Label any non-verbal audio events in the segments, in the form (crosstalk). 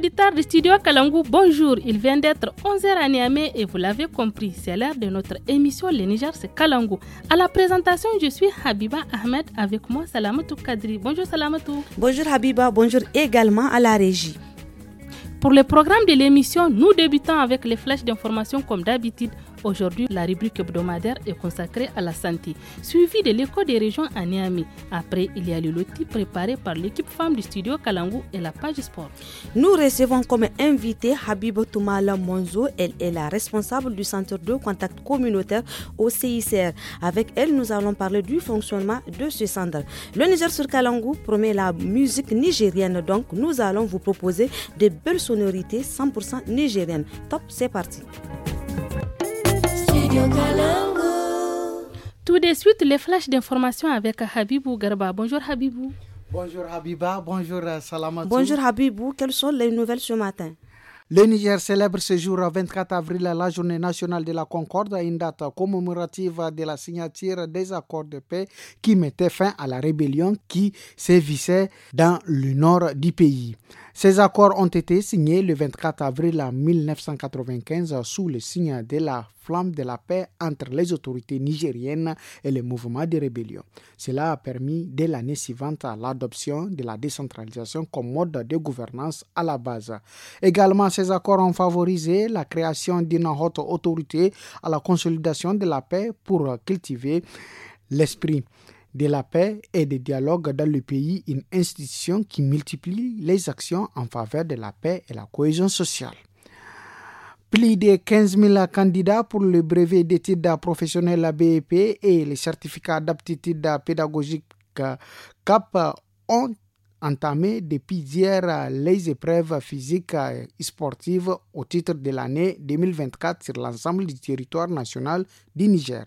auditeurs du studio Kalangu, bonjour. Il vient d'être 11h à Niamey et vous l'avez compris, c'est l'heure de notre émission Le Niger, c'est Kalangu. À la présentation, je suis Habiba Ahmed avec moi, Salamatou Kadri. Bonjour Salamatou. Bonjour Habiba, bonjour également à la régie. Pour le programme de l'émission, nous débutons avec les flèches d'information comme d'habitude. Aujourd'hui, la rubrique hebdomadaire est consacrée à la santé, suivie de l'écho des régions à Niamey. Après, il y a le loti préparé par l'équipe femme du studio Kalangu et la page sport. Nous recevons comme invité Habib Toumala Monzo. Elle est la responsable du centre de contact communautaire au CICR. Avec elle, nous allons parler du fonctionnement de ce centre. Le Niger sur Kalangu promet la musique nigérienne, donc nous allons vous proposer des belles sonorités 100% nigériennes. Top, c'est parti. Tout de suite, les flashs d'information avec Habibou Garba. Bonjour Habibou. Bonjour Habiba, bonjour euh, Salamatou. Bonjour Habibou, quelles sont les nouvelles ce matin le Niger célèbre ce jour 24 euh, avril la journée nationale de la concorde, une date commémorative de la signature des accords de paix qui mettaient fin à la rébellion qui sévissait dans le nord du pays. Ces accords ont été signés le 24 avril 1995 sous le signe de la flamme de la paix entre les autorités nigériennes et le mouvement de rébellion. Cela a permis dès l'année suivante l'adoption de la décentralisation comme mode de gouvernance à la base. Également, ces accords ont favorisé la création d'une haute autorité à la consolidation de la paix pour cultiver l'esprit de la paix et des dialogues dans le pays une institution qui multiplie les actions en faveur de la paix et la cohésion sociale. Plus de 15 000 candidats pour le brevet d'études professionnelles à BEP et le certificat d'aptitude pédagogique CAP ont entamé depuis hier les épreuves physiques et sportives au titre de l'année 2024 sur l'ensemble du territoire national du Niger.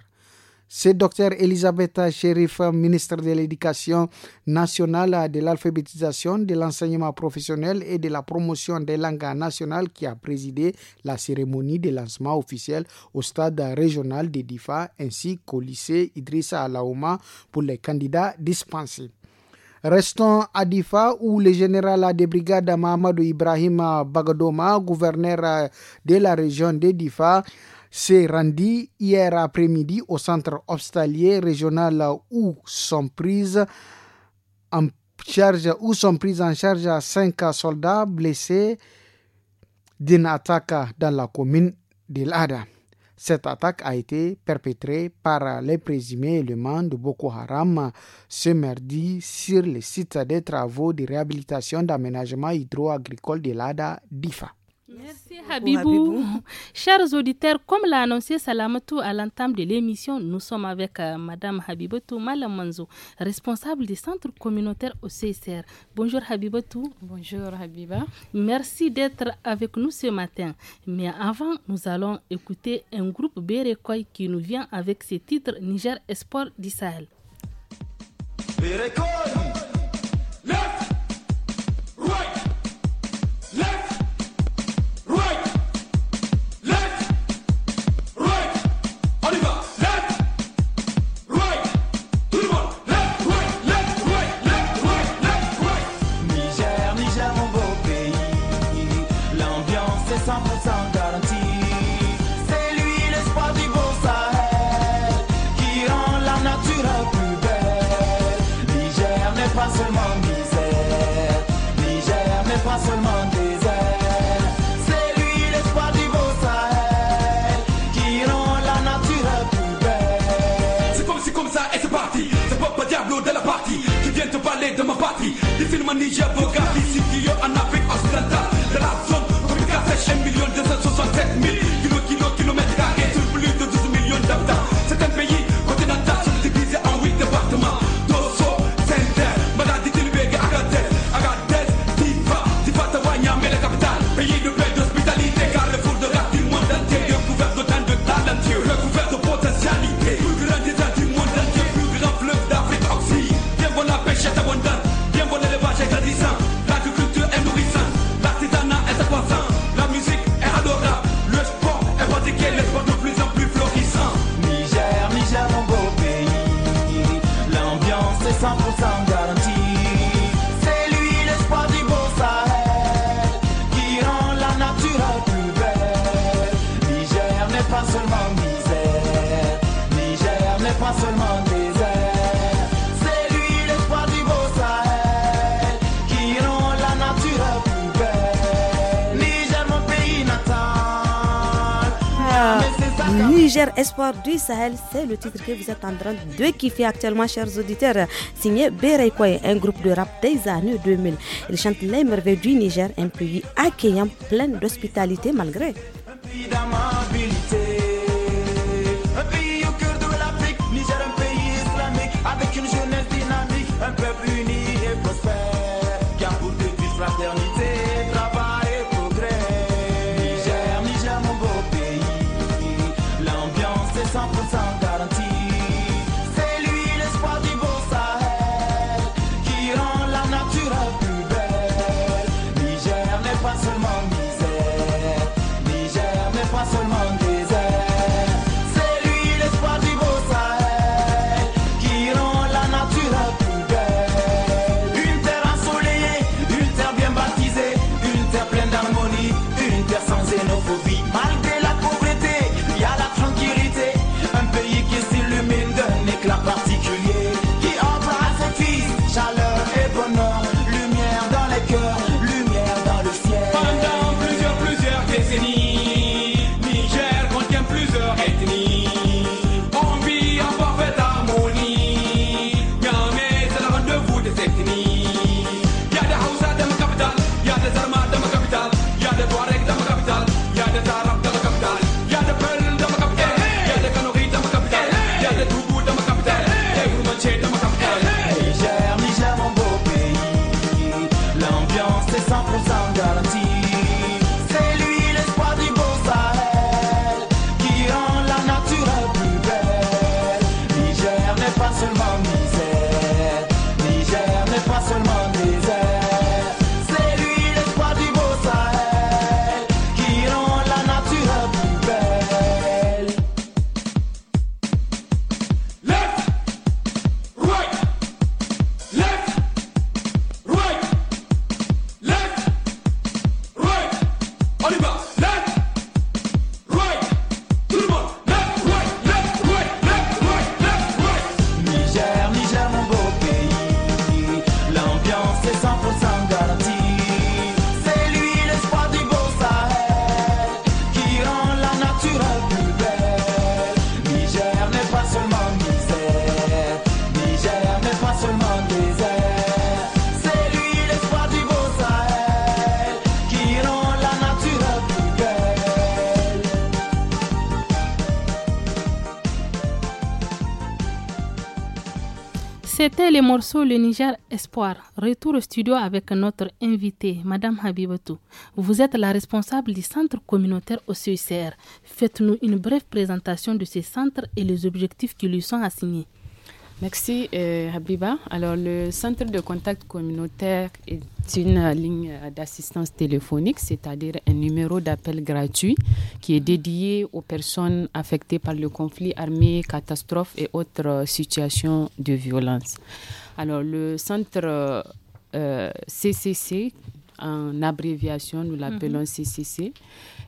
C'est Dr Elisabetta Sherif, ministre de l'Éducation nationale, de l'alphabétisation, de l'enseignement professionnel et de la promotion des langues nationales qui a présidé la cérémonie de lancement officiel au stade régional de Difa ainsi qu'au lycée Idrissa Alaouma pour les candidats dispensés. Restons à Difa où le général de brigade Mahamadou Ibrahim Bagadoma, gouverneur de la région de Difa, s'est rendu hier après-midi au centre hospitalier régional où sont prises en charge, où sont en charge cinq soldats blessés d'une attaque dans la commune de Lada. Cette attaque a été perpétrée par les présumés éléments de Boko Haram ce mardi sur le site des travaux de réhabilitation d'aménagement hydro-agricole de l'ADA d'IFA. Merci Habibou. Chers auditeurs, comme l'a annoncé Salamatou à l'entame de l'émission, nous sommes avec Mme euh, Madame Habibotou Malamanzo, responsable du centre communautaire au CSR. Bonjour Habibotou. Bonjour Habiba. Merci d'être avec nous ce matin. Mais avant, nous allons écouter un groupe Bérekoy qui nous vient avec ses titres Niger Espoir d'Israël. Niger, espoir du Sahel, c'est le titre que vous êtes en train de kiffer actuellement, chers auditeurs. Signé Berekoye, un groupe de rap des années 2000. Il chante les merveilles du Niger, un pays accueillant, plein d'hospitalité malgré. Un pays de Niger, pays avec une jeunesse dynamique, un peuple guarantee Les Morceaux, Le Niger Espoir, retour au studio avec notre invitée, Madame Habibatou. Vous êtes la responsable du centre communautaire au CICR. Faites-nous une brève présentation de ce centre et les objectifs qui lui sont assignés. Merci euh, Habiba. Alors le centre de contact communautaire est une ligne d'assistance téléphonique, c'est-à-dire un numéro d'appel gratuit qui est dédié aux personnes affectées par le conflit armé, catastrophe et autres euh, situations de violence. Alors le centre CCC, euh, en abréviation, nous l'appelons CCC, mhm.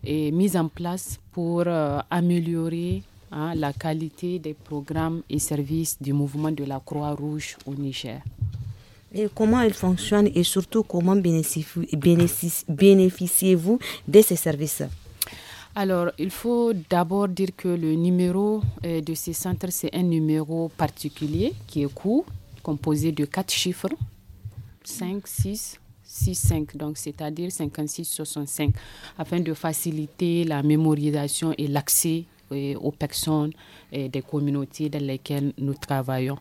est mis en place pour améliorer Hein, la qualité des programmes et services du mouvement de la Croix-Rouge au Niger. Et comment ils fonctionnent et surtout comment bénéficiez-vous de ces services alors, il faut d'abord dire que le numéro euh, de ces centres, c'est un numéro particulier qui est court, composé de quatre chiffres 5, 6, 6, 5, donc c'est-à-dire 56, 65, afin de faciliter la mémorisation et l'accès aux personnes et des communautés dans lesquelles nous travaillons.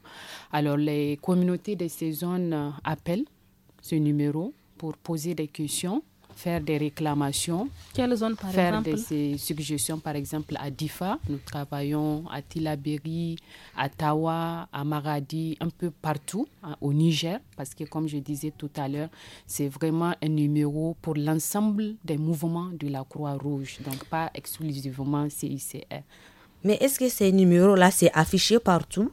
Alors les communautés de ces zones euh, appellent ce numéro pour poser des questions faire des réclamations, Quelles par faire des euh, suggestions, par exemple à Difa, nous travaillons à Tilaberi, à Tawa, à Maradi, un peu partout au Niger, parce que comme je disais tout à l'heure, c'est vraiment un numéro pour l'ensemble des mouvements de la Croix-Rouge, donc pas exclusivement CICR. Mais est-ce que ces numéros-là, c'est affiché partout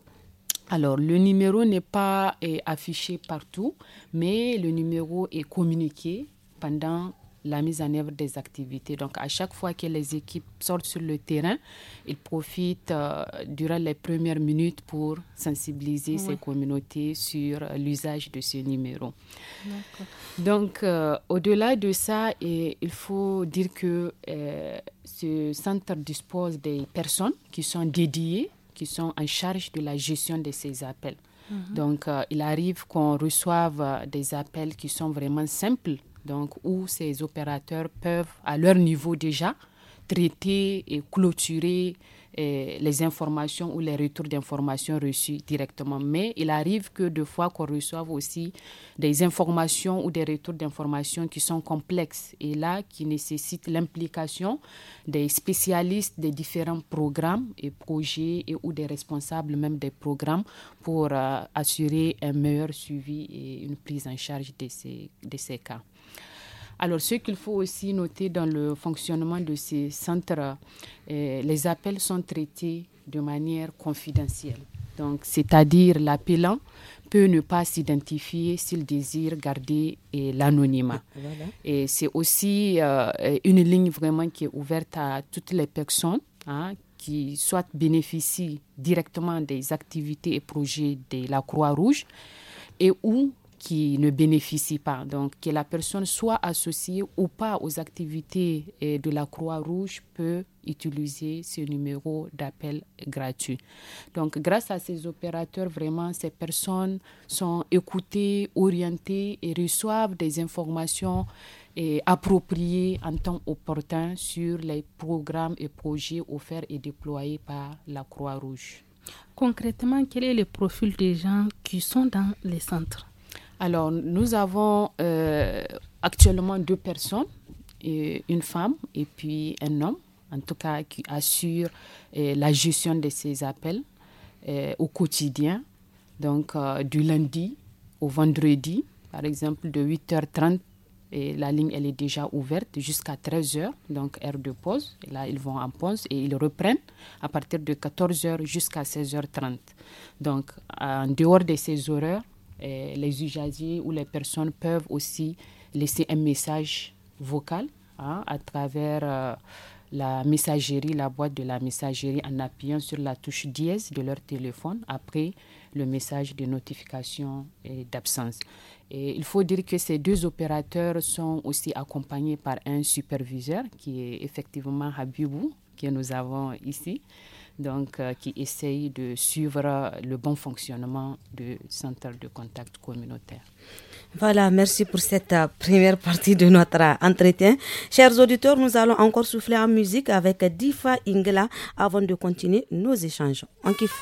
alors, le numéro n'est pas euh, affiché partout, mais le numéro est communiqué pendant la mise en œuvre des activités. Donc à chaque fois que les équipes sortent sur le terrain, ils profitent euh, durant les premières minutes pour sensibiliser ces communautés sur euh, l'usage de ce numéro. Donc euh, au-delà de ça, il faut dire que ce centre dispose des personnes qui sont dédiées, qui sont en charge de la gestion de ces appels. Mhm. Donc, il arrive qu'on reçoive des appels qui sont vraiment simples, donc où ces opérateurs peuvent, à leur niveau déjà, traiter et clôturer eh, les informations ou les retours d'informations reçus directement. Mais il arrive que deux fois qu'on reçoive aussi des informations ou des retours d'informations qui sont complexes et là qui nécessitent l'implication des spécialistes des différents programmes et projets et ou des responsables même des programmes pour euh, assurer un meilleur suivi et une prise en charge de ces, de ces cas. Alors, ce qu'il faut aussi noter dans le fonctionnement de ces centres, euh, les appels sont traités de manière confidentielle. Donc, c'est-à-dire l'appelant peut ne pas s'identifier s'il désire garder euh, l'anonymat. Ah, et, c'est aussi euh, une ligne vraiment qui est ouverte à toutes les personnes hein, qui soit bénéficient directement des activités et projets de la Croix-Rouge et ou qui ne bénéficient pas. Donc, que la personne soit associée ou pas aux activités eh, de la Croix-Rouge peut utiliser ce numéro d'appel gratuit. Donc, grâce à ces opérateurs, vraiment, ces personnes sont écoutées, orientées et reçoivent des informations et eh, appropriées en temps opportun sur les programmes et projets offerts et déployés par la Croix-Rouge. Concrètement, quel est le profil des gens qui sont dans les centres alors, nous avons euh, actuellement deux personnes, une femme et puis un homme, en tout cas, qui assure euh, la gestion de ces appels euh, au quotidien, donc du lundi au vendredi, par exemple, de 8h30. Et la ligne, elle est déjà ouverte jusqu'à 13h, donc heure de pause. Et là, ils vont en pause et ils reprennent à partir de 14h jusqu'à 16h30. Donc, en dehors de ces horaires, euh, les usagers ou les personnes peuvent aussi laisser un message vocal hein, à travers euh, la messagerie, la boîte de la messagerie en appuyant sur la touche dièse de leur téléphone après le message de notification et d'absence. il faut dire que ces deux opérateurs sont aussi accompagnés par un superviseur qui est effectivement Habibou, que nous avons ici donc, euh, qui essaye de suivre le bon fonctionnement du centre de contact communautaire. Voilà, merci pour cette euh, première partie de notre entretien. Chers auditeurs, nous allons encore souffler en musique avec Difa Ingla avant de continuer nos échanges. On kiffe.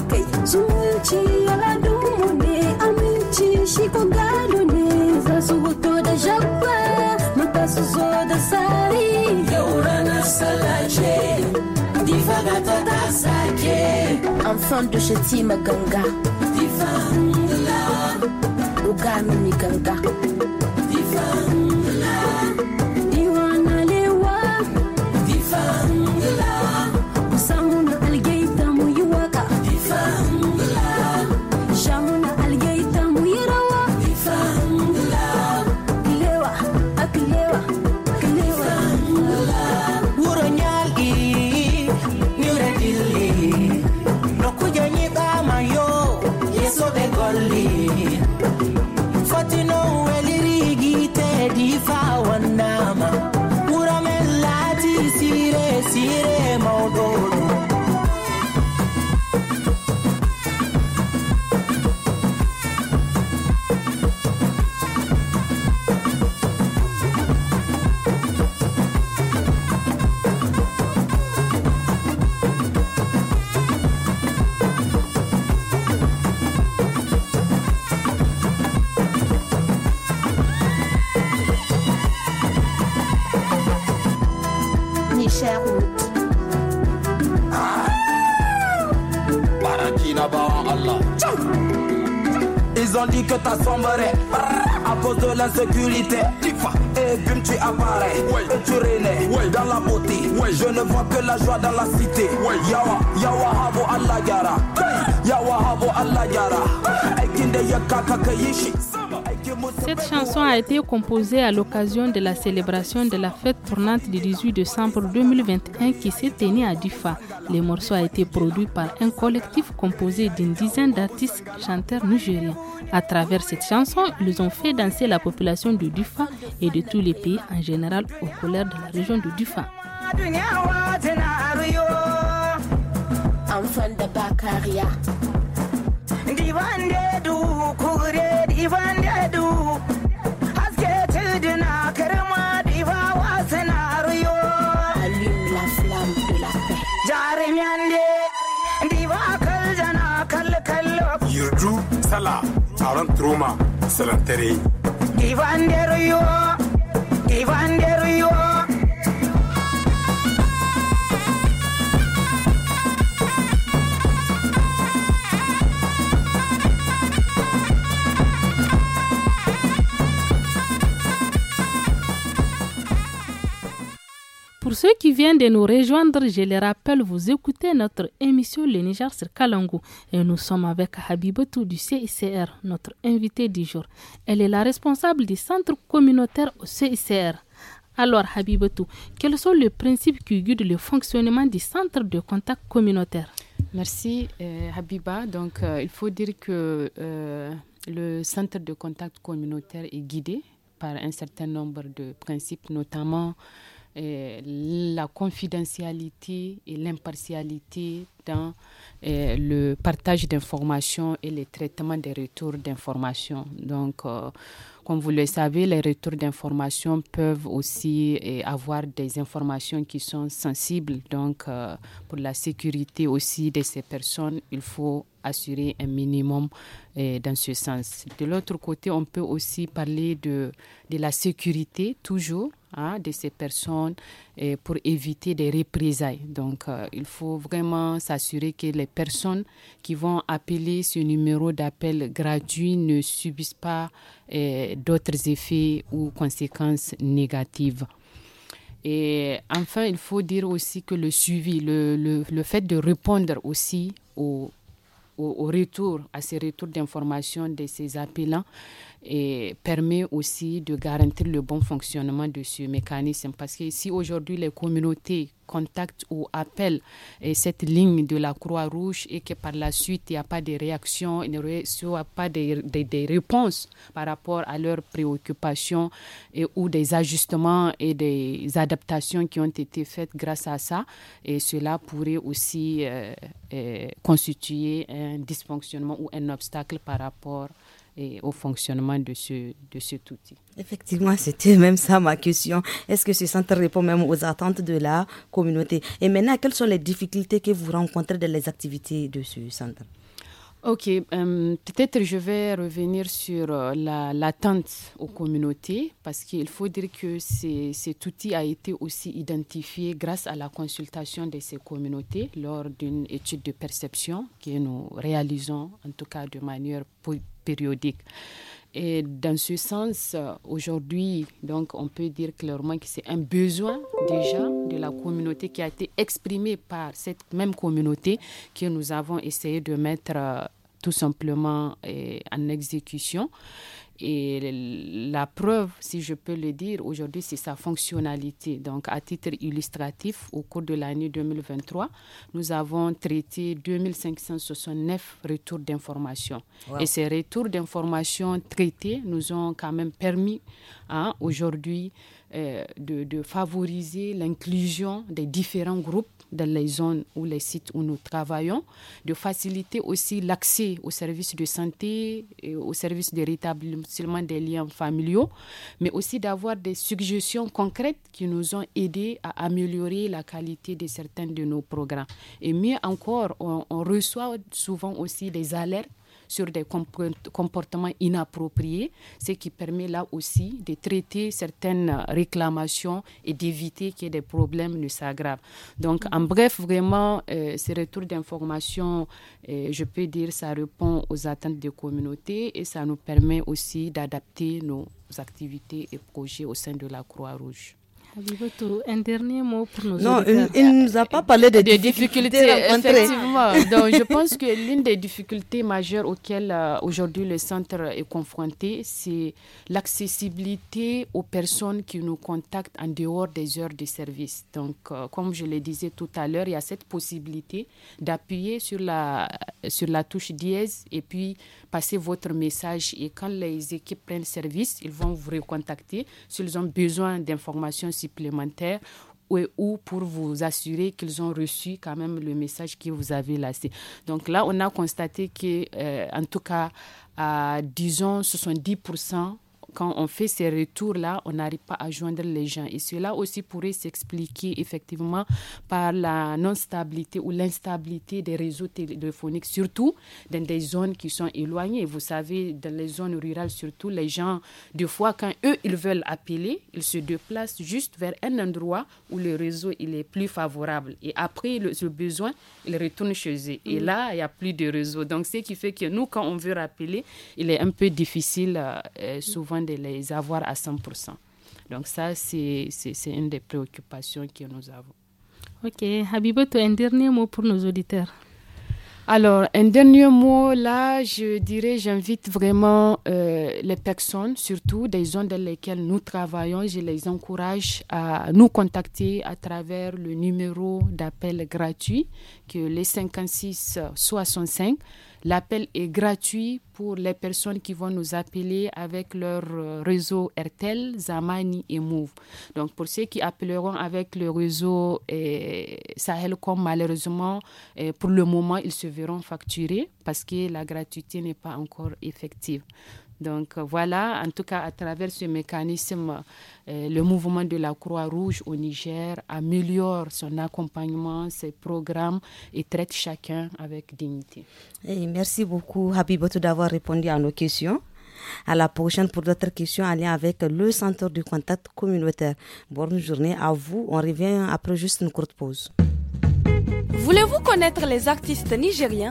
kai zumunci aladunmu ne aminci shi ko gado ne za su hoto da jabba mata su zo da sari yau ranar salace difa gata ta sake amfan dushe ti maganga difa la uga mini ganga composé à l'occasion de la célébration de la fête tournante du 18 décembre 2021 qui s'est tenue à Dufa. Les morceaux a été produit par un collectif composé d'une dizaine d'artistes chanteurs nigériens. À travers cette chanson, ils ont fait danser la population de Dufa et de tous les pays en général aux colère de la région de Dufa. Santruma, Salantere. Divan Deruyo, Divan Deruyo. vient de nous rejoindre, je le rappelle, vous écoutez notre émission Le Niger sur Kalangou et nous sommes avec Habibetou du CICR, notre invitée du jour. Elle est la responsable du centre communautaire au CICR. Alors Habibetou, quels sont les principes qui guident le fonctionnement du centre de contact communautaire Merci euh, Habiba. Donc euh, il faut dire que euh, le centre de contact communautaire est guidé par un certain nombre de principes, notamment la confidentialité et l'impartialité dans euh, le partage d'informations et le traitement des retours d'informations. Donc, euh, comme vous le savez, les retours d'informations peuvent aussi euh, avoir des informations qui sont sensibles. Donc, pour la sécurité aussi de ces personnes, il faut assurer un minimum dans ce sens. De l'autre côté, on peut aussi parler de, de la sécurité toujours Hein, de ces personnes pour éviter des représailles. Donc, euh, il faut vraiment s'assurer que les personnes qui vont appeler ce numéro d'appel gratuit ne subissent pas euh, d'autres effets ou conséquences négatives. Et enfin, il faut dire aussi que le suivi, le, le, fait de répondre aussi au au, retour, à ces retours d'informations de ces appelants et permet aussi de garantir le bon fonctionnement de ce mécanisme. Parce que si aujourd'hui les communautés contactent ou appellent eh, cette ligne de la Croix-Rouge et que par la suite il n'y a pas de réaction, il n'y a pas de, de, réponses par rapport à leurs préoccupations et, ou des ajustements et des adaptations qui ont été faites grâce à ça, et cela pourrait aussi euh, euh, constituer un dysfonctionnement ou un obstacle par rapport et au fonctionnement de, ce, de cet outil. Effectivement, c'était même ça ma question. Est-ce que ce centre répond même aux attentes de la communauté Et maintenant, quelles sont les difficultés que vous rencontrez dans les activités de ce centre Ok, euh, peut-être je vais revenir sur euh, l'attente aux communautés parce qu'il faut dire que cet outil a été aussi identifié grâce à la consultation de ces communautés lors d'une étude de perception que nous réalisons en tout cas de manière périodique. Et dans ce sens, euh, aujourd'hui, donc, on peut dire clairement que c'est un besoin déjà de la communauté qui a été exprimé par cette même communauté que nous avons essayé de mettre euh, tout simplement en exécution. Et la preuve, si je peux le dire, aujourd'hui, c'est sa fonctionnalité. Donc, à titre illustratif, au cours de l'année 2023, nous avons traité 2569 retours d'informations. Et ces retours d'informations traités nous ont quand même permis hein, aujourd'hui euh, de favoriser l'inclusion des différents groupes dans les zones ou les sites où nous travaillons, de faciliter aussi l'accès aux services de santé, et aux services de rétablissement des liens familiaux, mais aussi d'avoir des suggestions concrètes qui nous ont aidés à améliorer la qualité de certains de nos programmes. Et mieux encore, on reçoit souvent aussi des alertes sur des comportements inappropriés, ce qui permet là aussi de traiter certaines réclamations et d'éviter que des problèmes ne s'aggravent. Donc, en bref, vraiment, euh, ce retour retours d'informations, euh, je peux dire, ça répond aux attentes des communautés et ça nous permet aussi d'adapter nos activités et projets au sein de la Croix-Rouge un dernier mot pour nos Non, il ne nous a pas parlé des, difficultés, Effectivement. (laughs) Donc, je pense que l'une des difficultés majeures auxquelles euh, aujourd'hui le centre est confronté, c'est l'accessibilité aux personnes qui nous contactent en dehors des heures de service. Donc, euh, comme je le disais tout à l'heure, il y a cette possibilité d'appuyer sur la, sur la touche dièse et puis passer votre message. Et quand les équipes prennent service, ils vont vous recontacter s'ils ont besoin d'informations ou pour vous assurer qu'ils ont reçu quand même le message que vous avez lancé. Donc là, on a constaté que, euh, en tout cas, disons 70% quand on fait ces retours-là, on n'arrive pas à joindre les gens. Et cela aussi pourrait s'expliquer effectivement par la non-stabilité ou l'instabilité des réseaux téléphoniques, surtout dans des zones qui sont éloignées. Vous savez, dans les zones rurales, surtout, les gens, des fois, quand eux, ils veulent appeler, ils se déplacent juste vers un endroit où le réseau il est plus favorable. Et après, le, besoin, ils retournent chez eux. Et mm. là, il n'y a plus de réseau. Donc, ce qui fait que nous, quand on veut rappeler, il est un peu difficile euh, euh, mm. souvent de les avoir à 100%. Donc ça, c'est une des préoccupations que nous avons. Ok, Habiboto, un dernier mot pour nos auditeurs. Alors, un dernier mot, là, je dirais, j'invite vraiment euh, les personnes, surtout des zones dans lesquelles nous travaillons, je les encourage à nous contacter à travers le numéro d'appel gratuit, que les le 56 65 L'appel est gratuit pour les personnes qui vont nous appeler avec leur euh, réseau RTL, Zamani et Move. Donc pour ceux qui appelleront avec le réseau euh, Sahelcom, malheureusement, euh, pour le moment, ils se verront facturés parce que la gratuité n'est pas encore effective. Donc euh, voilà, en tout cas à travers ce mécanisme, euh, le mouvement de la Croix-Rouge au Niger améliore son accompagnement, ses programmes et traite chacun avec dignité. Et merci beaucoup Habiboto d'avoir répondu à nos questions. À la prochaine pour d'autres questions en lien avec le centre du contact communautaire. Bonne journée à vous. On revient après juste une courte pause. Voulez-vous connaître les artistes nigériens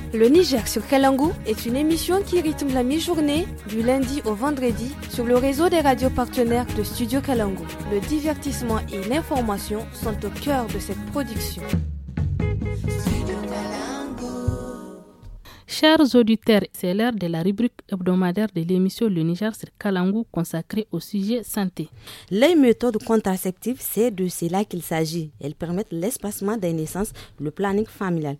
Le Niger sur Kalangu est une émission qui rythme la mi-journée du lundi au vendredi sur le réseau des radios partenaires de Studio Kalangu. Le divertissement et l'information sont au cœur de cette production. Chers auditeurs, c'est l'heure de la rubrique hebdomadaire de l'émission Le Niger sur Kalangou consacrée au sujet santé. Les méthodes contraceptives, c'est de cela qu'il s'agit. Elles permettent l'espacement des naissances, le planning familial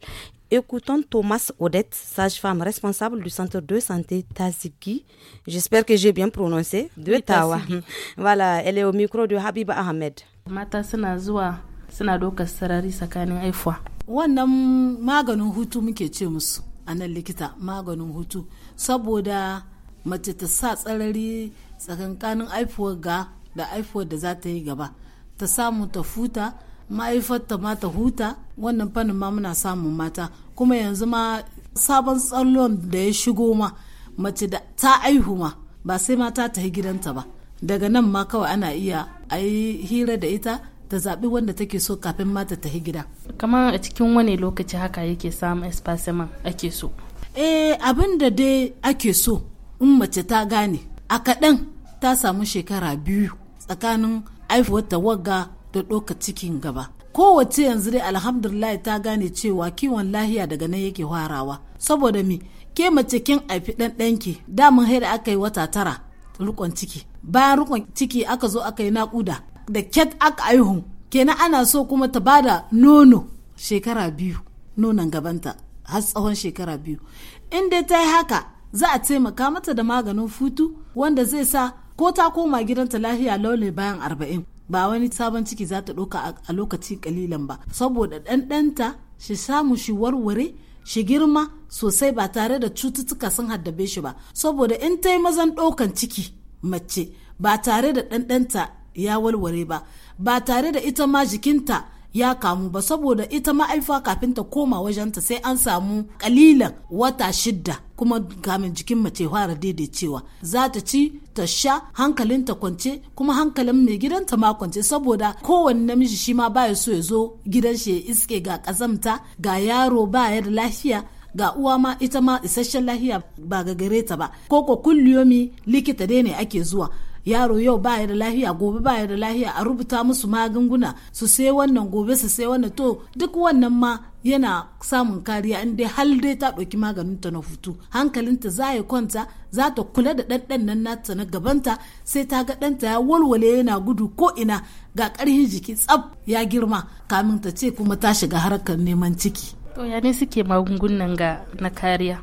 Écoutons Thomas Odette, sage-femme responsable du centre de santé Taziki. J'espère que j'ai bien prononcé. De Tawa. (laughs) Voilà, elle est au micro de Habiba Ahmed. Mata suna zuwa suna ɗaukar sarari tsakanin haifuwa. Wannan maganin hutu muke ce musu a nan likita maganin hutu saboda mace ta sa tsarari tsakankanin haifuwar ga da haifuwar da za ta yi gaba ta samu futa ma'aifar ma ta huta wannan fannin ma muna samun mata kuma yanzu ma sabon tsallon da ya shigo ma mace da ta aihu ma ba sai mata ta yi gidanta ba daga nan ma kawai ana iya a yi hira da ita ta zaɓi wanda take so kafin mata ta yi gida kamar a cikin wani lokaci haka yake samun espasiman ake so eh abin da dai ake so in mace ta gane a kaɗan ta samu shekara biyu tsakanin aifuwar ta wagga da ɗoka cikin gaba kowace yanzu dai alhamdulillah ta gane cewa kiwon lahiya daga nan yake warawa saboda mi ke mace kin aifi ɗan ɗanki damun haida aka yi wata tara rukon ciki bayan rukon ciki aka zo aka yi naƙuda da ket aka aihu kenan ana so kuma ta bada nono shekara biyu nonon gabanta har tsawon shekara biyu in dai ta yi haka za a taimaka mata da maganin futu wanda zai sa ko ta koma gidanta lahiya laule bayan arba'in ba wani sabon ciki za ta ɗauka a lokaci kalilan ba saboda ɗanɗanta shi samu shi warware shi girma sosai ba tare da cututtuka sun haddabe shi ba saboda in ta yi mazan ɗaukan ciki mace ba tare da ɗanɗanta ya warware ba ba tare da ita ma jikinta ya kamu ba saboda ita ma'aifa kafin ta koma wajenta sai an samu kalilan wata shidda kuma kamin jikin mace fara daidaicewa za ta ci ta sha hankalin ta kwance kuma hankalin mai gidanta ma kwance saboda kowane namiji shi ma baya so ya zo gidan shi ya iske ga kazamta ga yaro baya da lafiya ga uwa ma ita ma isasshen lahiya ba ga gare ta ba koko kulliyomi likita dai ne ake zuwa yaro yau ba ya da lahiya gobe ba ya da lahiya a rubuta musu magunguna su sai wannan gobe su sai wannan to duk wannan ma yana samun kariya in dai hal dai ta ɗauki maganinta na hutu hankalinta za ya kwanta za ta kula da ɗanɗan nan nata na gabanta sai ta ga ɗanta ya walwale yana gudu ko ina ga ƙarfin jiki tsab ya girma kamin ta ce kuma ta shiga harkar neman ciki. to ya ne suke magungunan ga na kariya.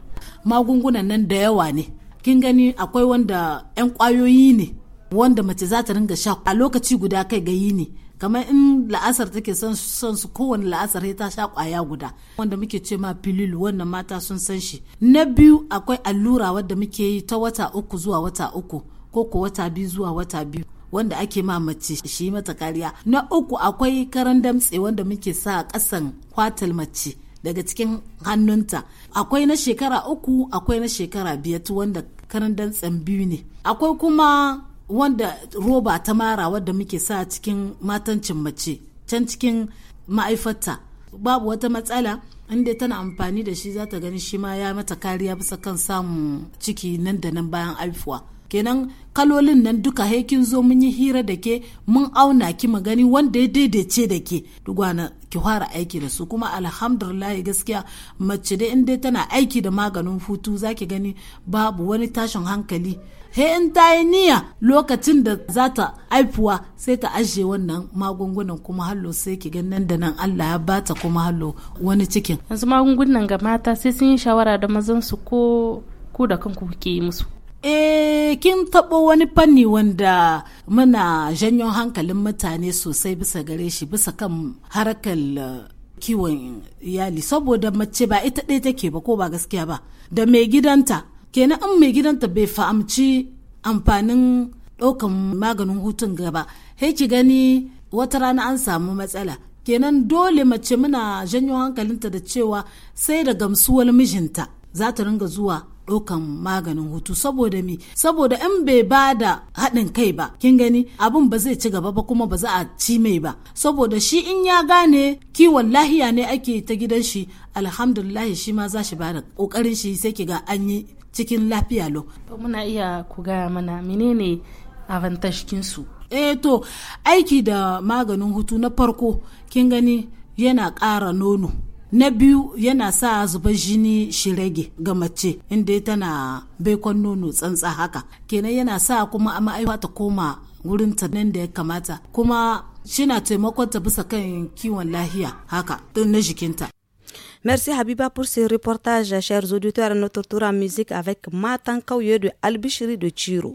magungunan nan da yawa ne kin gani akwai wanda 'yan kwayoyi ne wanda mace za ta ringa sha a lokaci guda kai gayi ne kamar in la'asar take son son su kowane la'asar ya ta sha kwaya guda wanda muke ce ma pilul wannan mata sun san shi na biyu akwai allura wadda muke yi ta wata uku zuwa wata uku ko ko wata biyu zuwa wata biyu wanda ake ma mace shi mata kariya na uku akwai karan damtse wanda muke sa a kasan kwatal mace daga cikin hannunta akwai na shekara uku akwai na shekara biyar wanda karan damtsen biyu ne akwai kuma wanda roba ta mara wadda muke sa cikin matancin mace can cikin ma'aifarta babu wata matsala inda tana amfani da shi za ta gani shi ma ya mata kariya bisa kan samun ciki nan da nan bayan haifuwa kenan kalolin nan duka haikin zo mun yi hira da ke mun auna ki magani wanda ya daidaice da ke dugwana ki fara aiki da su kuma alhamdulillah gaskiya mace da in tana aiki da maganin hutu zaki gani babu wani tashin hankali he in ta yi niyya lokacin da za ta haifuwa sai ta ajiye wannan magungunan kuma hallo sai ki ga nan da nan Allah ya bata kuma hallo wani cikin yanzu magungunan ga mata sai sun yi shawara da mazan su ko ku da kanku kuke yi musu eh kin taɓo wani fanni wanda muna janyo hankalin mutane sosai bisa gare shi bisa kan harakar eh, kiwon iyali saboda mace ba ita ɗaya take ba ko ba gaskiya ba da mai gidanta kenan in mai gidanta bai fahimci amfanin ɗaukan maganin hutun gaba sai ki gani wata rana an samu matsala kenan dole mace muna janyo hankalinta da cewa sai da gamsuwar mijinta za ta ringa zuwa ɗaukan maganin hutu saboda mi saboda in bai ba da haɗin kai ba kin gani abin ba zai ci gaba ba kuma ba za a ci mai ba saboda shi in ya gane kiwon lahiya ne ake ta gidan shi alhamdulillah shi ma za shi ba da ƙoƙarin shi sai ki ga an yi cikin lafiya lau. muna iya ku gaya mana menene avantage eh to aiki da maganin hutu na farko kin gani yana ƙara nono na biyu yana sa zuba jini shi rage ga mace inda tana baikon nono tsantsa haka kenan yana sa kuma a ma'aiwa ta koma wurin ta nan da ya kamata kuma shina taimakon ta bisa kan kiwon lahiya haka na jikinta Merci Habiba pour ce reportage, chers auditeurs. Notre tour en musique avec Matan de Albichiri de Chiro.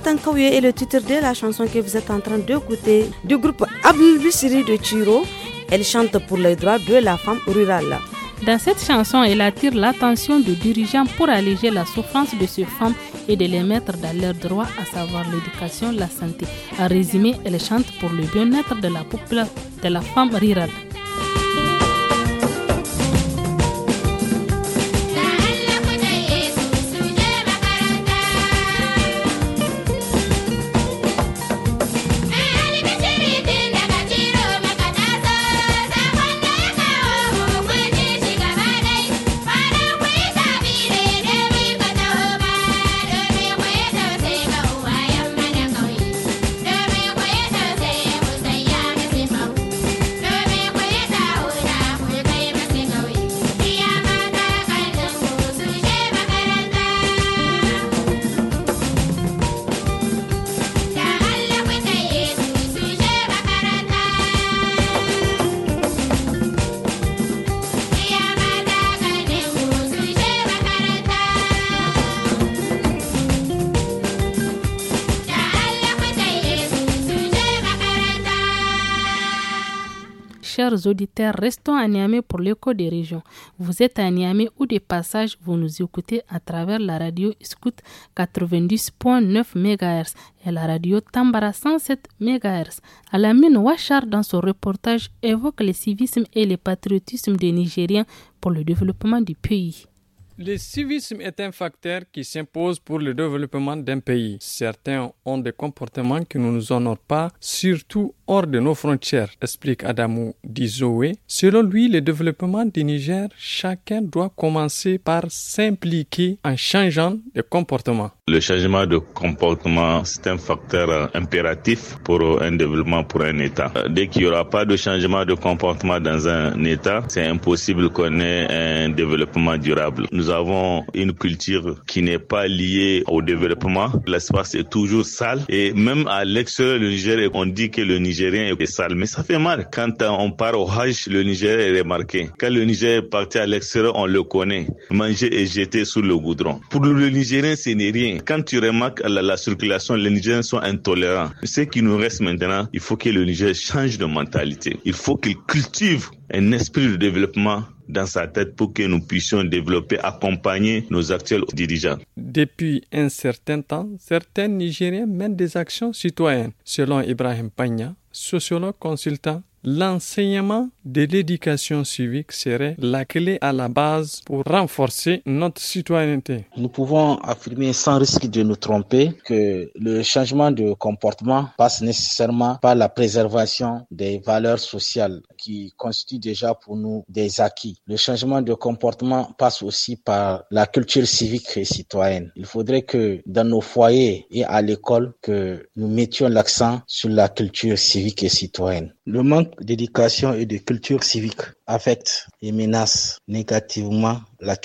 Kawye est le titre de la chanson que vous êtes en train d'écouter du groupe Abdul de Tiro. Elle chante pour les droits de la femme rurale. Dans cette chanson, elle attire l'attention du dirigeant pour alléger la souffrance de ces femmes et de les mettre dans leurs droits, à savoir l'éducation, la santé. En résumé, elle chante pour le bien-être de la population, de la femme rurale. auditeurs, restons à Niamey pour l'écho des régions. Vous êtes à Niamey ou des passages, vous nous écoutez à travers la radio Scout 90.9 MHz et la radio Tambara 107 MHz. Alamine Ouachar, dans son reportage, évoque le civisme et le patriotisme des Nigériens pour le développement du pays. Le civisme est un facteur qui s'impose pour le développement d'un pays. Certains ont des comportements qui ne nous honorent pas, surtout hors de nos frontières, explique Adamou Dizoué. Selon lui, le développement du Niger, chacun doit commencer par s'impliquer en changeant de comportement. Le changement de comportement, c'est un facteur euh, impératif pour euh, un développement, pour un État. Euh, dès qu'il n'y aura pas de changement de comportement dans un État, c'est impossible qu'on ait un développement durable nous avons une culture qui n'est pas liée au développement. L'espace est toujours sale et même à l'extérieur du Niger, on dit que le Nigérien est sale, mais ça fait mal. Quand euh, on part au Hajj, le Niger est remarqué. Quand le Niger est parti à l'extérieur, on le connaît. Manger et jeter sous le goudron. Pour le Nigérien, ce n'est rien. Quand tu remarques la, la circulation, les Nigériens sont intolérants. Ce qui nous reste maintenant, il faut que le Niger change de mentalité. Il faut qu'il cultive un esprit de développement dans sa tête pour que nous puissions développer, accompagner nos actuels dirigeants. Depuis un certain temps, certains Nigériens mènent des actions citoyennes. Selon Ibrahim Pagna, sociologue consultant, l'enseignement de l'éducation civique serait la clé à la base pour renforcer notre citoyenneté. Nous pouvons affirmer sans risque de nous tromper que le changement de comportement passe nécessairement par la préservation des valeurs sociales qui constituent déjà pour nous des acquis. Le changement de comportement passe aussi par la culture civique et citoyenne. Il faudrait que dans nos foyers et à l'école que nous mettions l'accent sur la culture civique et citoyenne. Le manque d'éducation et de culture civique affectent et menacent négativement la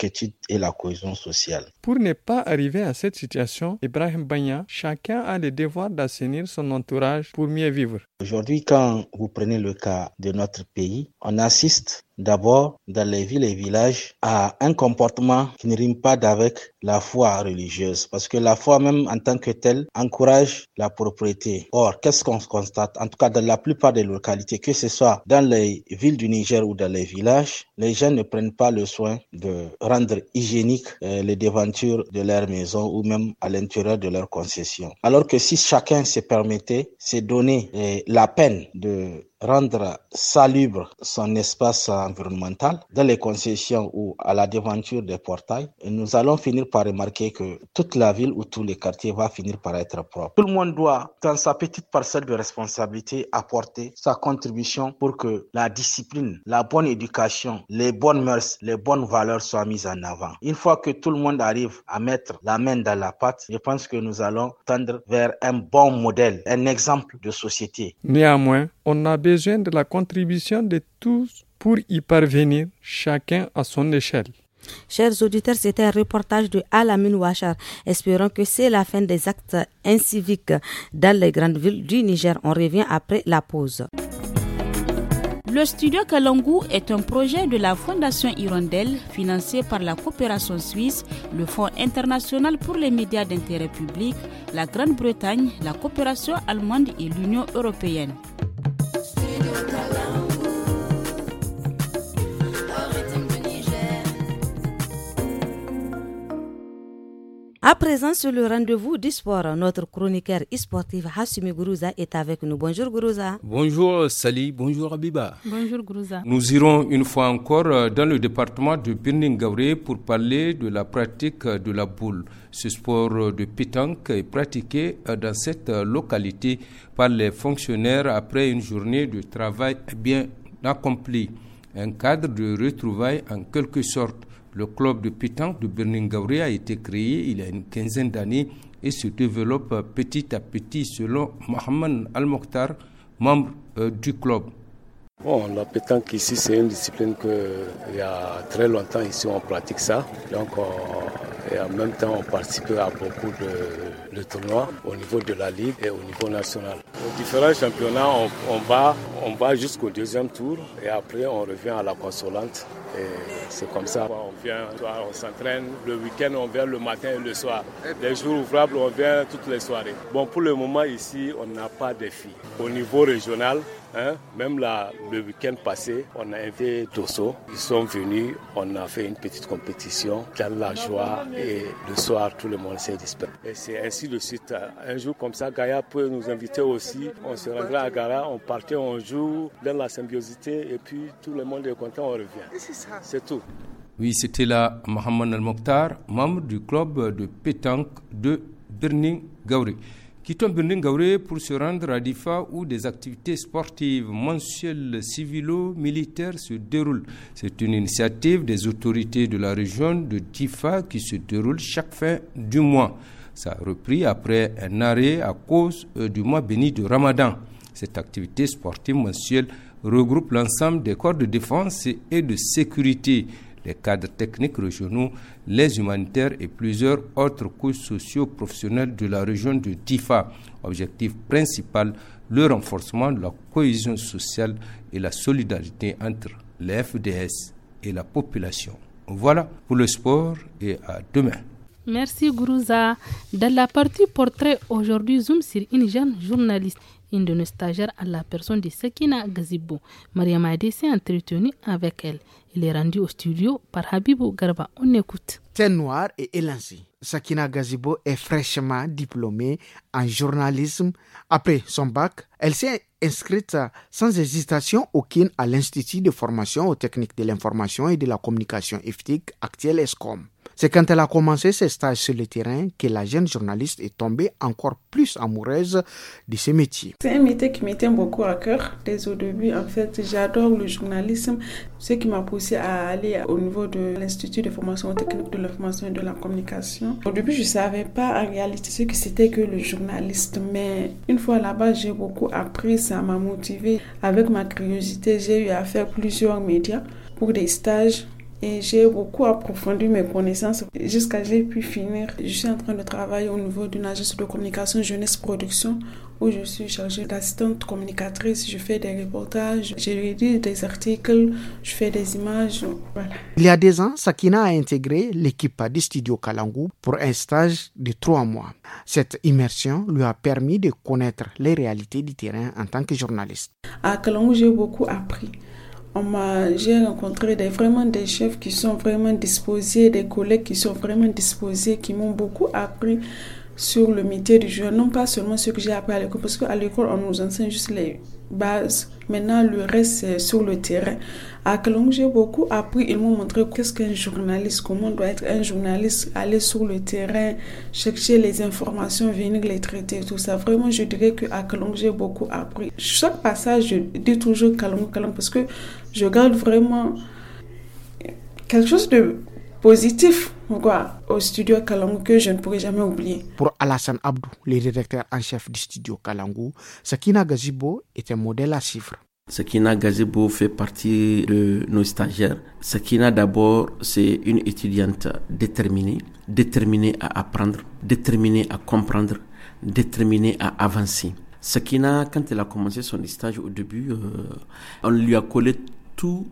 et la cohésion sociale. Pour ne pas arriver à cette situation, Ibrahim Banya, chacun a le devoir d'assainir son entourage pour mieux vivre. Aujourd'hui, quand vous prenez le cas de notre pays, on assiste d'abord dans les villes et villages à un comportement qui ne rime pas avec la foi religieuse, parce que la foi même en tant que telle encourage la propriété. Or, qu'est-ce qu'on constate, en tout cas dans la plupart des localités, que ce soit dans les villes du Niger ou dans les villages, les gens ne prennent pas le soin de rendre hygiénique euh, les devantures de leur maison ou même à l'intérieur de leur concession. Alors que si chacun se permettait, se donner euh, la peine de rendre salubre son espace environnemental dans les concessions ou à la devanture des portails. Et nous allons finir par remarquer que toute la ville ou tous les quartiers va finir par être propre. Tout le monde doit, dans sa petite parcelle de responsabilité, apporter sa contribution pour que la discipline, la bonne éducation, les bonnes mœurs, les bonnes valeurs soient mises en avant. Une fois que tout le monde arrive à mettre la main dans la pâte, je pense que nous allons tendre vers un bon modèle, un exemple de société. Néanmoins, on a besoin de la contribution de tous pour y parvenir, chacun à son échelle. Chers auditeurs, c'était un reportage de Alamine Ouachar. Espérons que c'est la fin des actes inciviques dans les grandes villes du Niger. On revient après la pause. Le studio Kalangu est un projet de la Fondation Hirondelle financé par la coopération suisse, le Fonds international pour les médias d'intérêt public, la Grande-Bretagne, la coopération allemande et l'Union européenne. Nunca la À présent, sur le rendez-vous du notre chroniqueur e-sportif Hassimi Gourouza est avec nous. Bonjour Gourouza. Bonjour Sali, bonjour Abiba. Bonjour Gourouza. Nous irons une fois encore euh, dans le département de Birning pour parler de la pratique euh, de la boule. Ce sport euh, de pétanque est pratiqué dans cette localité par les fonctionnaires après une journée de travail bien accomplie. Un cadre de retrouvailles en quelque sorte le club de pétanque de Bernin a été créé il y a une quinzaine d'années et se développe petit à petit selon Mohamed Al-Mokhtar, membre euh, du club. Bon, la pétanque c'est une discipline que il y a très longtemps ici on pratique ça. Donc et en même temps on participe à beaucoup de, tournois au niveau de la ligue et au niveau national. Aux différents championnats, on, on va, on va jusqu'au deuxième tour et après on revient à la consolante. Et c'est comme ça. On vient, on s'entraîne. Le week-end, on vient le matin et le soir. les jours ouvrables, on vient toutes les soirées. Bon, pour le moment, ici, on n'a pas de filles. Au niveau régional, Hein? Même là, le week-end passé, on a invité Dosso. Ils sont venus, on a fait une petite compétition dans la joie et le soir, tout le monde s'est disparu. Et c'est ainsi de suite. Un jour comme ça, Gaïa peut nous inviter aussi. On se rendra à Gara, on partait, on joue dans la symbiosité et puis tout le monde est content, on revient. C'est tout. Oui, c'était là Mohamed Al-Mokhtar, membre du club de pétanque de Birning Gauri quittons le pour se rendre à Difa où des activités sportives mensuelles civilo-militaires se déroulent. C'est une initiative des autorités de la région de Difa qui se déroule chaque fin du mois. Ça a repris après un arrêt à cause euh, du mois béni de Ramadan. Cette activité sportive mensuelle regroupe l'ensemble des corps de défense et de sécurité les cadres techniques régionaux, les humanitaires et plusieurs autres couches socio-professionnelles de la région de Tifa. Objectif principal, le renforcement de la cohésion sociale et la solidarité entre les FDS et la population. Voilà pour le sport et à demain. Merci Gourouza. Dans la partie portrait, aujourd'hui, zoom sur une jeune journaliste, une de nos stagiaires à la personne de Sekina Gazibou. Maria Maïdé s'est entretenue avec elle. Il est rendu au studio par Habibou Garba. On écoute. Terre Noire et élancée. Sakina Gazibo est fraîchement diplômée en journalisme. Après son bac, elle s'est inscrite sans hésitation aucune à l'Institut de formation aux techniques de l'information et de la communication éthique actuel ESCOM. C'est quand elle a commencé ses stages sur le terrain que la jeune journaliste est tombée encore plus amoureuse de ce métier. C'est un métier qui m'était beaucoup à cœur. Dès au début, en fait, j'adore le journalisme, ce qui m'a poussé à aller au niveau de l'Institut de formation technique de l'information et de la communication. Au début, je ne savais pas en réalité ce que c'était que le journaliste, mais une fois là-bas, j'ai beaucoup appris, ça m'a motivée. Avec ma curiosité, j'ai eu à faire plusieurs médias pour des stages et j'ai beaucoup approfondi mes connaissances jusqu'à j'ai pu finir. Je suis en train de travailler au niveau d'une agence de communication jeunesse production où je suis chargée d'assistante communicatrice. Je fais des reportages, je rédige des articles, je fais des images. Voilà. Il y a deux ans, Sakina a intégré l'équipe du studio Kalangu pour un stage de trois mois. Cette immersion lui a permis de connaître les réalités du terrain en tant que journaliste. À Kalangu, j'ai beaucoup appris j'ai rencontré des, vraiment des chefs qui sont vraiment disposés, des collègues qui sont vraiment disposés, qui m'ont beaucoup appris sur le métier du jeu Non pas seulement ce que j'ai appris à l'école, parce qu'à l'école, on nous enseigne juste les bases. Maintenant, le reste, c'est sur le terrain. À Kelong, j'ai beaucoup appris. Ils m'ont montré qu'est-ce qu'un journaliste, comment doit être un journaliste, aller sur le terrain, chercher les informations, venir les traiter, tout ça. Vraiment, je dirais qu'à Kelong, j'ai beaucoup appris. Chaque passage, je dis toujours Kelong, Kelong, parce que je garde vraiment quelque chose de positif quoi, au studio Kalangu que je ne pourrai jamais oublier. Pour Alassane Abdou, le directeur en chef du studio Kalangu, Sakina Gazibo est un modèle à suivre. Sakina Gazebo fait partie de nos stagiaires. Sakina d'abord, c'est une étudiante déterminée, déterminée à apprendre, déterminée à comprendre, déterminée à avancer. Sakina, quand elle a commencé son stage au début, euh, on lui a collé toutes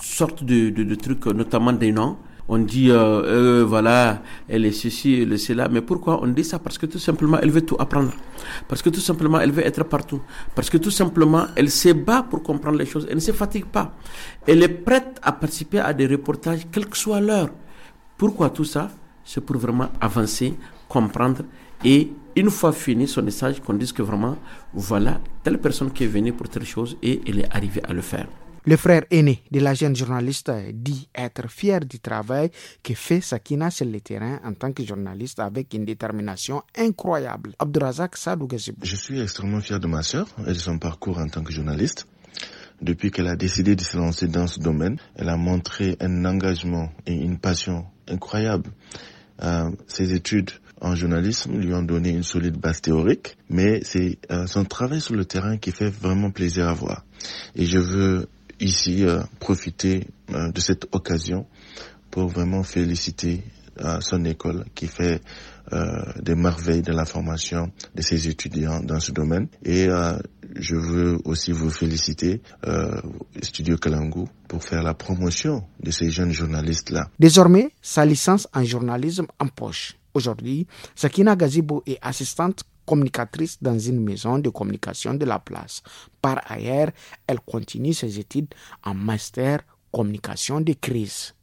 sortes de, de, trucs, notamment des noms. On dit, euh, euh, voilà, elle est ceci, elle est cela. Mais pourquoi on dit ça Parce que tout simplement, elle veut tout apprendre. Parce que tout simplement, elle veut être partout. Parce que tout simplement, elle se bat pour comprendre les choses. Elle ne se fatigue pas. Elle est prête à participer à des reportages, quelle que soit l'heure. Pourquoi tout ça C'est pour vraiment avancer, comprendre et une fois fini son message, qu'on dise que vraiment, voilà, telle personne qui est venue pour telle chose et elle est arrivée à le faire. Le frère aîné de la jeune journaliste dit être fier du travail que fait Sakina sur le terrain en tant que journaliste avec une détermination incroyable. Abdurazak Sadou Je suis extrêmement fier de ma sœur et de son parcours en tant que journaliste. Depuis qu'elle a décidé de se lancer dans ce domaine, elle a montré un engagement et une passion incroyables. Euh, ses études en journalisme lui ont donné une solide base théorique, mais c'est euh, son travail sur le terrain qui fait vraiment plaisir à voir. Et je veux ici euh, profiter euh, de cette occasion pour vraiment féliciter euh, son école qui fait des merveilles de la formation de ses étudiants dans ce domaine. Et je veux aussi vous féliciter, Studio Kalangu, pour faire la promotion de ces jeunes journalistes-là. Désormais, sa licence en journalisme en poche. Aujourd'hui, Sakina Gazibo est assistante communicatrice dans une maison de communication de la place. Par ailleurs, elle continue ses études en master communication de crise.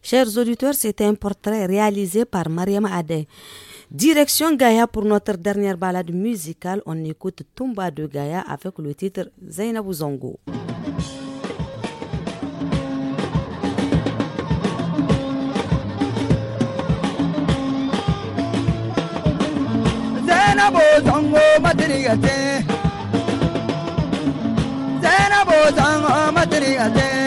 Chers auditeurs, c'était un portrait réalisé par Mariam Adé. Direction Gaïa pour notre dernière balade musicale. On écoute Tomba de Gaïa avec le titre Zainabou Zongo. Zainabu zango matiri madiriyate Zainabu zango matiri madiriyate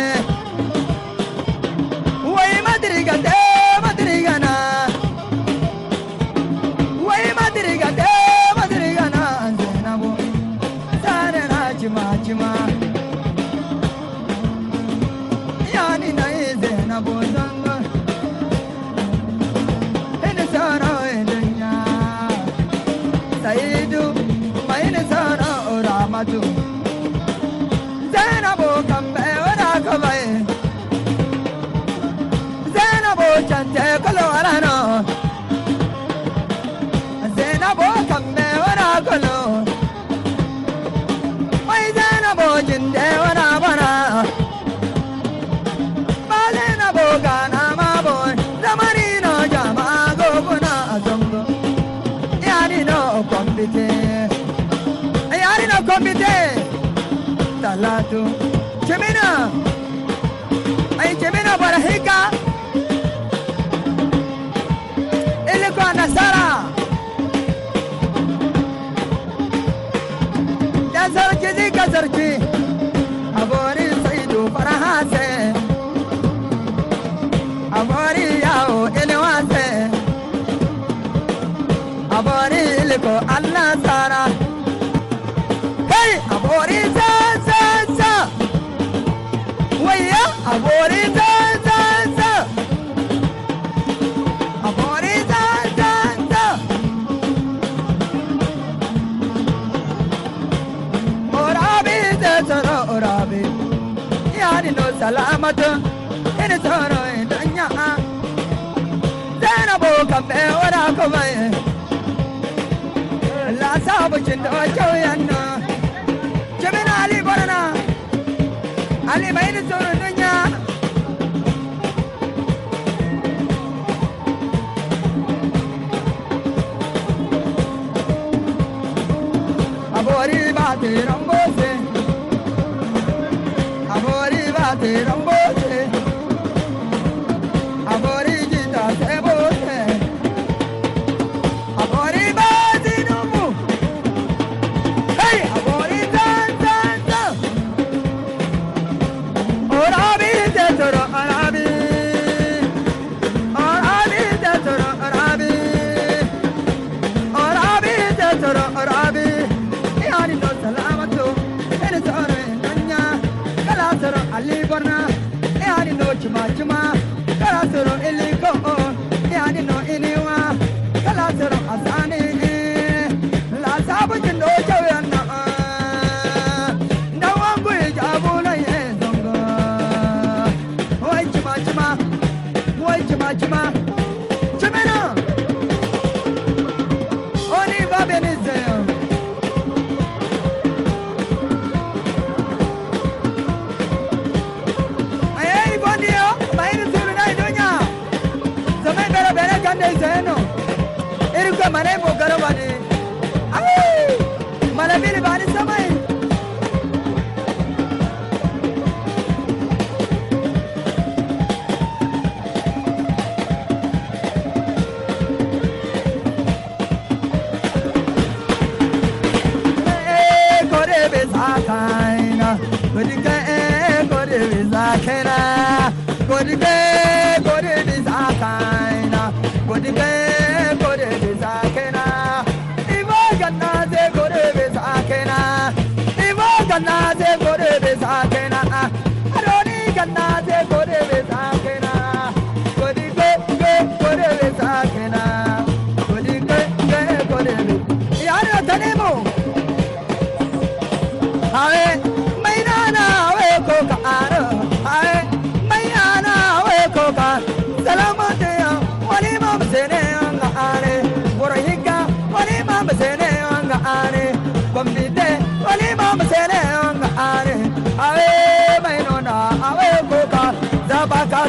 empanadas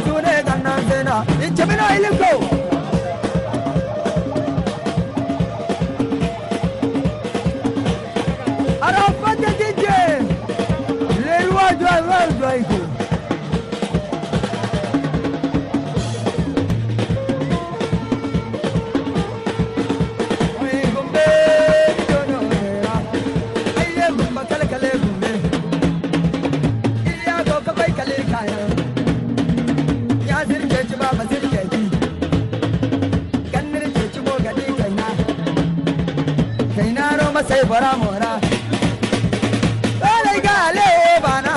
చూడే కన్నా సేనా ఇది చెప్పిన ఇల్లు mora mora bana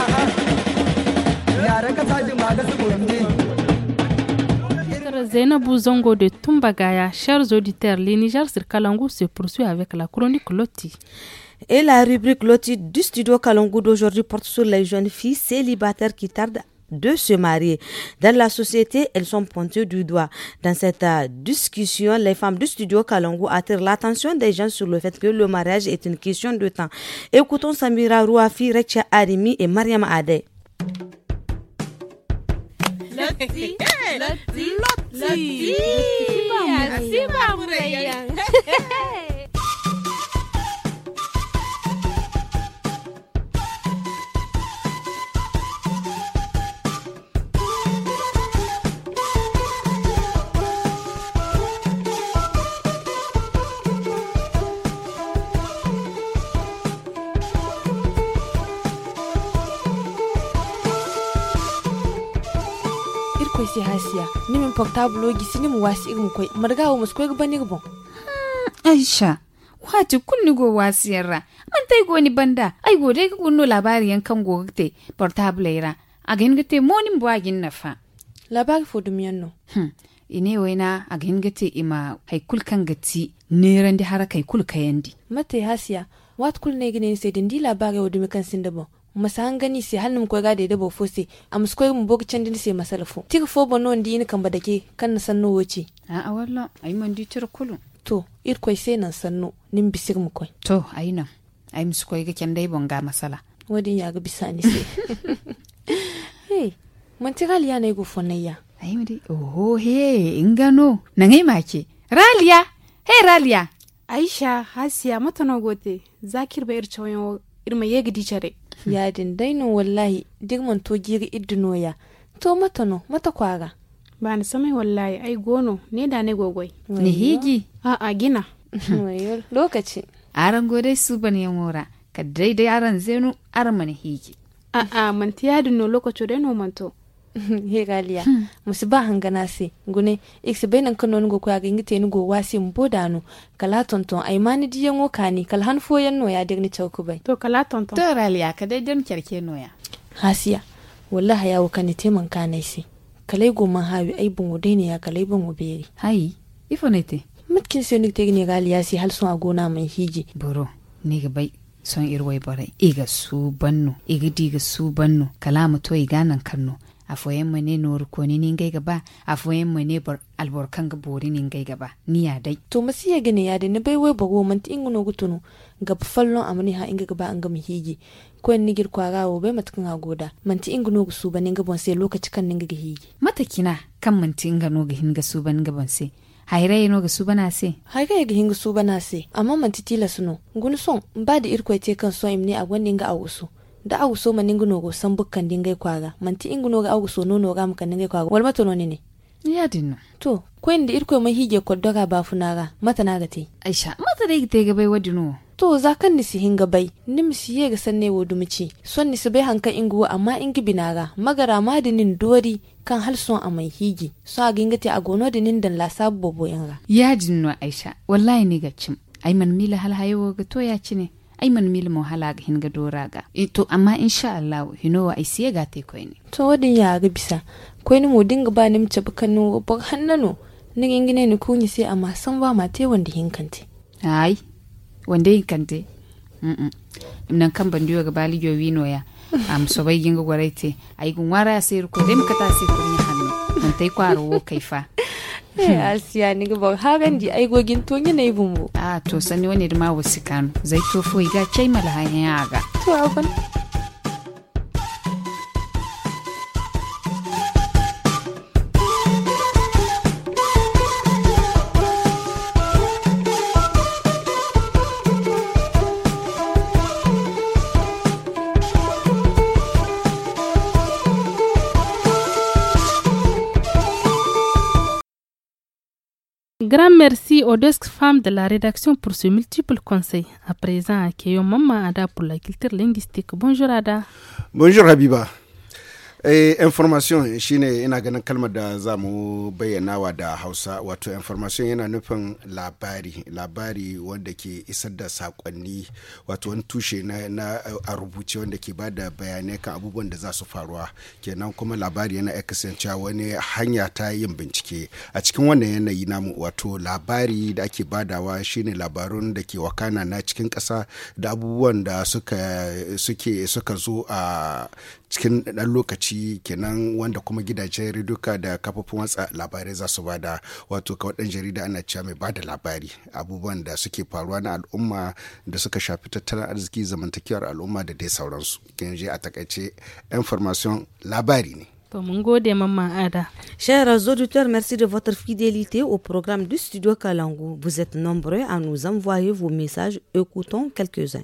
Zongo de Tumbagaya, chers auditeurs, les Niger sur kalango se poursuit avec la chronique Loti. Et la rubrique Loti du studio Kalangu d'aujourd'hui porte sur les jeunes filles célibataires qui tardent de se marier. Dans la société, elles sont pointées du doigt. Dans cette euh, discussion, les femmes du studio Kalongo attirent l'attention des gens sur le fait que le mariage est une question de temps. Écoutons Samira Rouafi, Recha Arimi et Mariam Ade. (laughs) nimin portable blogi sini wasi igmu koi marga wo musko igba aisha wati kunni go wasiyarra an tai go ni banda ai go dai kunno labari yankan go gte portable ira agin gte monim bo agin nafa labari fo dumiyan hmm. ine waina agin gte ima haikul kan gati neran di haraka kayandi mate hasiya wat kul ne gine sedin di labari wo dumi kan sindabo masahangani si hannum ko gade de bofo si amus ko mu bok chandin si masalfo tig fo bono ndi ni kamba dake kan na sannu woci a a walla ay man di tir kulu to ir koy sai nan ni nim bisir mu koy to ay na ay mus koy ga kyan dai bonga masala wadin (laughs) ya ga bisani sai hey man tigal ya nay go ya ay mi di oho he ingano nan ma ke raliya hey raliya aisha hasiya mata gote zakir ba irce wayan irma yegi dicare (laughs) yadin daino wallahi dirman to giri idinoya to mata no mata kwara ba ni samai wallahi ai gono ne da ne gogoi ni higi a a gina (laughs) lokaci aran godai su ban yan mora ka daidai aran zenu aran mani higi a a manti yadin no lokaci dai no manto (laughs) hegaliya hmm. ba hangana se gune ikse benan kano nugo ko yaga ingite nugo wasi mbo kala tonton ay mani diyan wo kani kala han fo yan noya ni chawku bai to kala tonton to raliya ka dai dan kerke noya hasiya wallahi ya wakani teman kanai se kala go man hawi ay bungo dai ne ya kalai bungo beri hayi ifo ne te matkin se nik ni galiya si hal sun agona man hiji boro ne ga bai son irwai bare iga su bannu iga diga su bannu kalama to to iganan kanno a ma ne nor koni ningai gaba ma ne alborkan ga bori ningai gaba ni ya dai to masiya gane ya dai na bai wai bago man tin ngono gutunu ga fallon amani ha inga gaba an ga higi ko ni gir kwarawo bai matkan agoda man tin ngono gusu suba ninga bon sai lokaci kan ninga ga higi matakina kan man tin ngono ga hinga su ban ga bon sai haire yi ga su bana se haire ga hinga su bana se amma man titila suno gun son ba da irko te kan so imni a gwanin ga a wasu da agu so man ingunogo san bukkan dingai kwaga manti ingunoga agu so nonoga am kan dingai kwaga wal mato nonine ya dinna to ko inda irko mai hige koddoga ba funaga mata naga te aisha mata dai te ga bai wadinu to za kan ni nisi hinga bai nimsi ye ga sanne wo dumci son nisi bai hanka inguwa amma ingi binaga magara dinin dori kan hal son a mai hige. so a gingate a gono dinin dan la sabo boyanga ya dinna aisha wallahi ni ga cim ai man mila hal hayo ga to ya ci ne ai man milmo halaga hinga doraga eh, to amma insha Allah hinowa ai siya ga te koyni to wadin ya ga bisa koyni mo dinga ba nimce bakanu ba hannano nin ingine ni kunyi sai amma san ba ma te wanda hinkante ai wanda hinkante mm -mm. nan kan ban diyo ga bali jo wino ya (laughs) am so bai ginga gwarai te ai gunwara sai ko dem ka ta sai kunya hannu mun tai kwaro kai fa (laughs) Hmm. asiyani ke bok ha gandi ai gogin to ne bumbu a ah, to sani wani rima wasikan zai to fo iga chai mala ha ga to a grand merci aux deux femmes de la rédaction pour ce multiple conseil. À présent, accueillons Maman Ada pour la culture linguistique. Bonjour Ada. Bonjour Habiba. Eh, information shine ina ganin kalmar da za mu bayyanawa da hausa wato information yana nufin labari labari wanda ke isar da sakonni wato wani tushe na, na a rubuce wanda ke ba da bayanai kan abubuwan da za su faruwa kenan kuma labari yana kasancewa wani hanya ta yin bincike a cikin wannan yanayi namu wato labari da ake badawa shine labarun da ke wakana na cikin ƙasa da abubuwan da suka, suka zo a cikin ɗan lokaci lokaci kenan wanda kuma gidajen reduka da kafofin watsa labarai za su bada wato ka dan jarida ana cewa mai bada labari abubuwan da suke faruwa na al'umma da suka shafi tattalin arziki zamantakewar al'umma da dai sauransu kenan a takaice information labari ne Chers auditeurs, merci de votre fidélité au programme du studio Kalangu. Vous êtes nombreux à nous envoyer vos messages. Écoutons quelques-uns.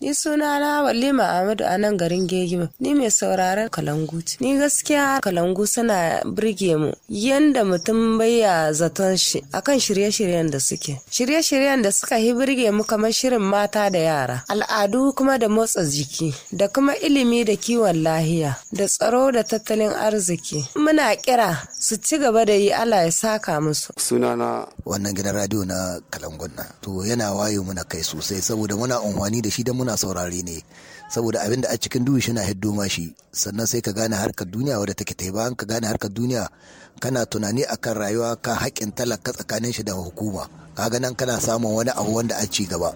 Ni suna na Walima Ahmadu a nan garin Gegime. Ni mai sauraron Kalangu ce. Ni gaskiya Kalangu suna birge mu yanda mutum baya zaton shi akan shirye-shiryen da suke. Shirye-shiryen da suka yi birge mu kamar shirin mata da yara, al'adu kuma da motsa jiki, da kuma ilimi da kiwon lahiya, da tsaro da tattalin arziki. Muna kira su ci gaba da yi Allah ya saka musu. na wannan gidan radio na Kalangun na. To yana wayo muna kai sosai saboda muna unwani da shi da muna muna saurare ne saboda abin da a cikin duhu shi na hiddo shi sannan sai ka gane harkar duniya wadda take ta bayan ka gane harkar duniya kana tunani akan rayuwa ka haƙƙin talaka tsakanin shi da hukuma ka nan kana samun wani abu wanda a ci gaba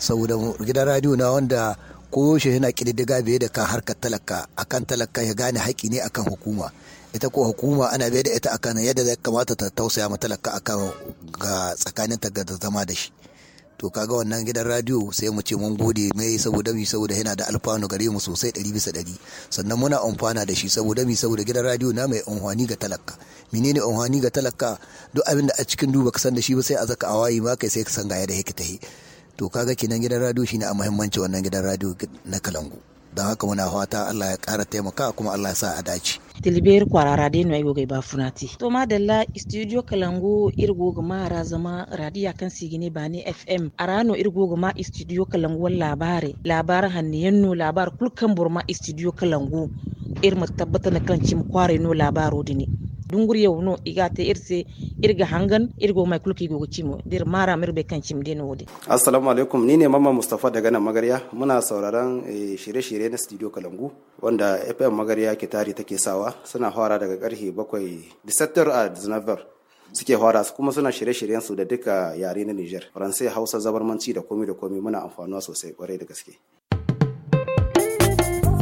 saboda gidan radio na wanda koyaushe yana kididiga biye da kan harkar talaka akan talaka ya gane haƙƙi ne akan hukuma ita ko hukuma ana bai da ita akan yadda zai kamata ta tausaya ma talaka akan ga tsakanin ta ga zama da shi to kaga wannan gidan radio sai mu ce mun gode mai saboda mi saboda yana da alfanu gare mu sosai ɗari bisa ɗari sannan muna amfana da shi saboda mi saboda gidan radio na mai amfani ga talaka menene amfani ga talaka duk abin da a cikin duba ka san da shi ba sai a zaka awayi ma kai sai ka san ga yadda yake tahi to kaga kinan gidan radio shine a muhimmanci wannan gidan radio na kalangu don haka muna fata Allah ya ƙara taimaka kuma Allah ya sa a dace. tilbiyar kwarara dai no ayo ba funati to madalla studio kalangu irgo a razama radiya kan sigine ba ne fm arano irgo gama studio kalangu labare labar hanniyanno labar kulkan burma studio kalangu irma tabbatar na kan cim kware no labaro dini dunguri yau no iga te irse irga hangan irgo mai kulki go cimo dir mara be kan cimde no wode assalamu alaikum ni ne mama mustafa daga nan magarya muna sauraron eh, shirye-shirye na studio kalangu wanda fm magarya ke tari take sawa suna fara daga karfe 7 disaster a dinavar suke fara kuma suna shirye-shiryen su da duka yare na Niger, Faransai, Hausa, Zabarmanci da komi da komi muna amfanuwa sosai kwarai da gaske.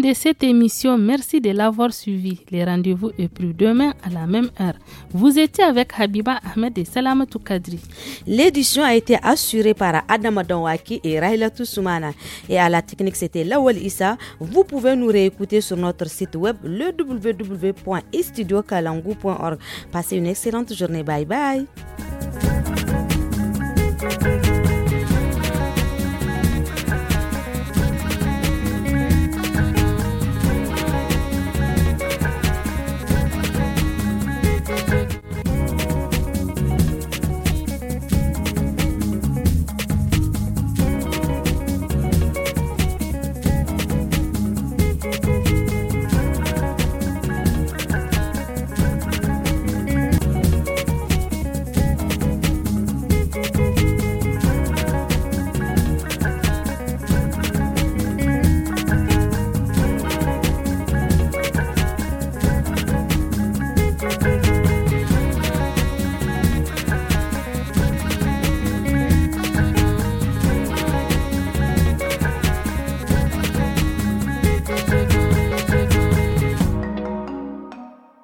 de cette émission. Merci de l'avoir suivi. Les rendez-vous est plus demain à la même heure. Vous étiez avec Habiba Ahmed et Salamatou Kadri. L'édition a été assurée par Adam Adonwaki et Rahila Toussoumana. Et à la technique, c'était Lawal Issa. Vous pouvez nous réécouter sur notre site web le www.istudiokalangu.org. Passez une excellente journée. Bye bye.